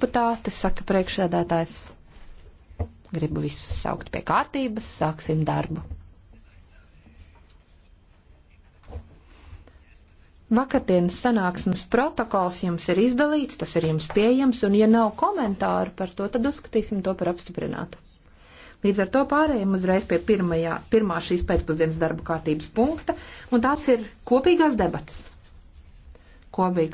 deputāti, saka priekšsēdētājs. Gribu visus saukt pie kārtības, sāksim darbu. Vakardienas sanāksmes protokols jums ir izdalīts, tas ir jums pieejams, un ja nav komentāru par to, tad uzskatīsim to par apstiprinātu. Līdz ar to pārējiem uzreiz pie pirmajā, pirmā šīs pēcpusdienas darba kārtības punkta, un tās ir kopīgās debatas. Kopīgā